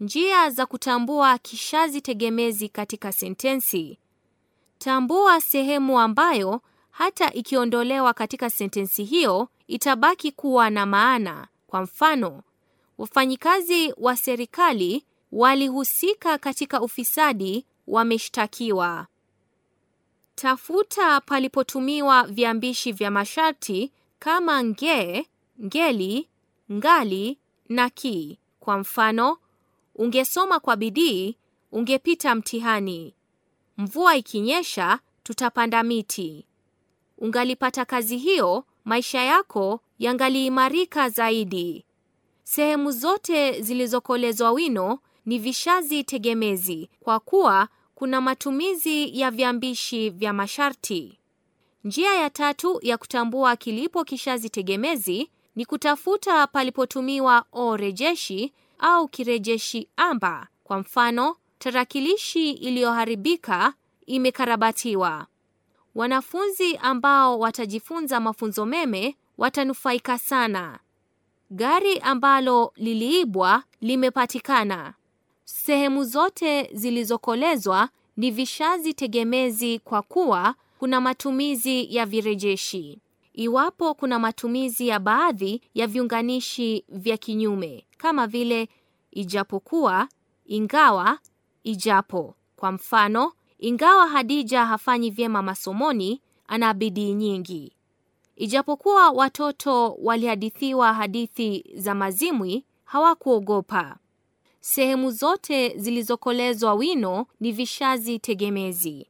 Njia za kutambua kishazi tegemezi katika sentensi. Tambua sehemu ambayo hata ikiondolewa katika sentensi hiyo itabaki kuwa na maana. Kwa mfano, wafanyikazi wa serikali walihusika katika ufisadi wameshtakiwa. Tafuta palipotumiwa viambishi vya masharti kama nge, ngeli, ngali na ki. Kwa mfano, Ungesoma kwa bidii, ungepita mtihani. Mvua ikinyesha, tutapanda miti. Ungalipata kazi hiyo, maisha yako yangaliimarika zaidi. Sehemu zote zilizokolezwa wino ni vishazi tegemezi kwa kuwa kuna matumizi ya viambishi vya masharti. Njia ya tatu ya kutambua kilipo kishazi tegemezi ni kutafuta palipotumiwa o rejeshi au kirejeshi amba. Kwa mfano, tarakilishi iliyoharibika imekarabatiwa. Wanafunzi ambao watajifunza mafunzo meme watanufaika sana. Gari ambalo liliibwa limepatikana. Sehemu zote zilizokolezwa ni vishazi tegemezi kwa kuwa kuna matumizi ya virejeshi iwapo kuna matumizi ya baadhi ya viunganishi vya kinyume kama vile ijapokuwa, ingawa, ijapo. Kwa mfano, ingawa Hadija hafanyi vyema masomoni, ana bidii nyingi. Ijapokuwa watoto walihadithiwa hadithi za mazimwi, hawakuogopa. Sehemu zote zilizokolezwa wino ni vishazi tegemezi.